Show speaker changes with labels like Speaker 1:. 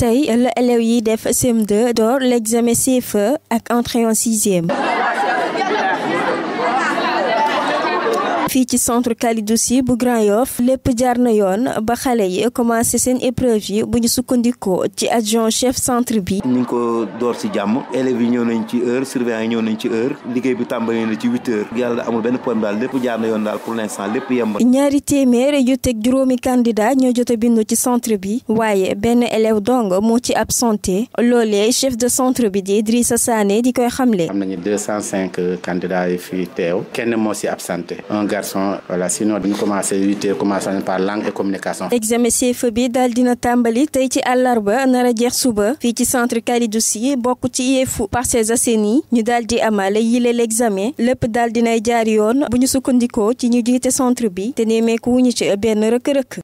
Speaker 1: tey la élèves yi def CM2 door l'examen CFEE ak entrée en sixième fii ci centre Kalidou Sy bu Grand Yoff lépp jaar na yoon ba xale yi commencé seen épreuve yi bu ñu sukkandikoo
Speaker 2: ci adjoint chef centre bi. ñu ngi ko door si jàmm élèves yi ñëw nañ ci heure surveillant yi ñëw nañ ci heure liggéey bi tàmbalee na ci huit heures. yàlla amul benn problème daal lépp jaar na yoon daal pour l'instant lépp yemb. ñaari
Speaker 1: téeméer yu teg juróomi candidat ñoo jot a bindu ci centre bi waaye benn élève dong moo ci absenté loolee chef de centre bi di Idrissa Sané di koy xamle. am
Speaker 3: nañu deux cent cinq candidats yi kenn moo si absenté garçon voilà sinon dañu commencé huit heures commencé par langue et communication.
Speaker 1: examen CFEE bi daal dina tàmbali tey ci àllarba nar a jeex suba fii ci centre Kalidou Sy bokk ci yeefu Parcelles Assainies ñu daal di amale yile l'examen lépp daal dinay jaar yoon bu ñu sukkandikoo ci ñu jiite centre bi te nemeeku wuñu ci benn rëkk-rëkk.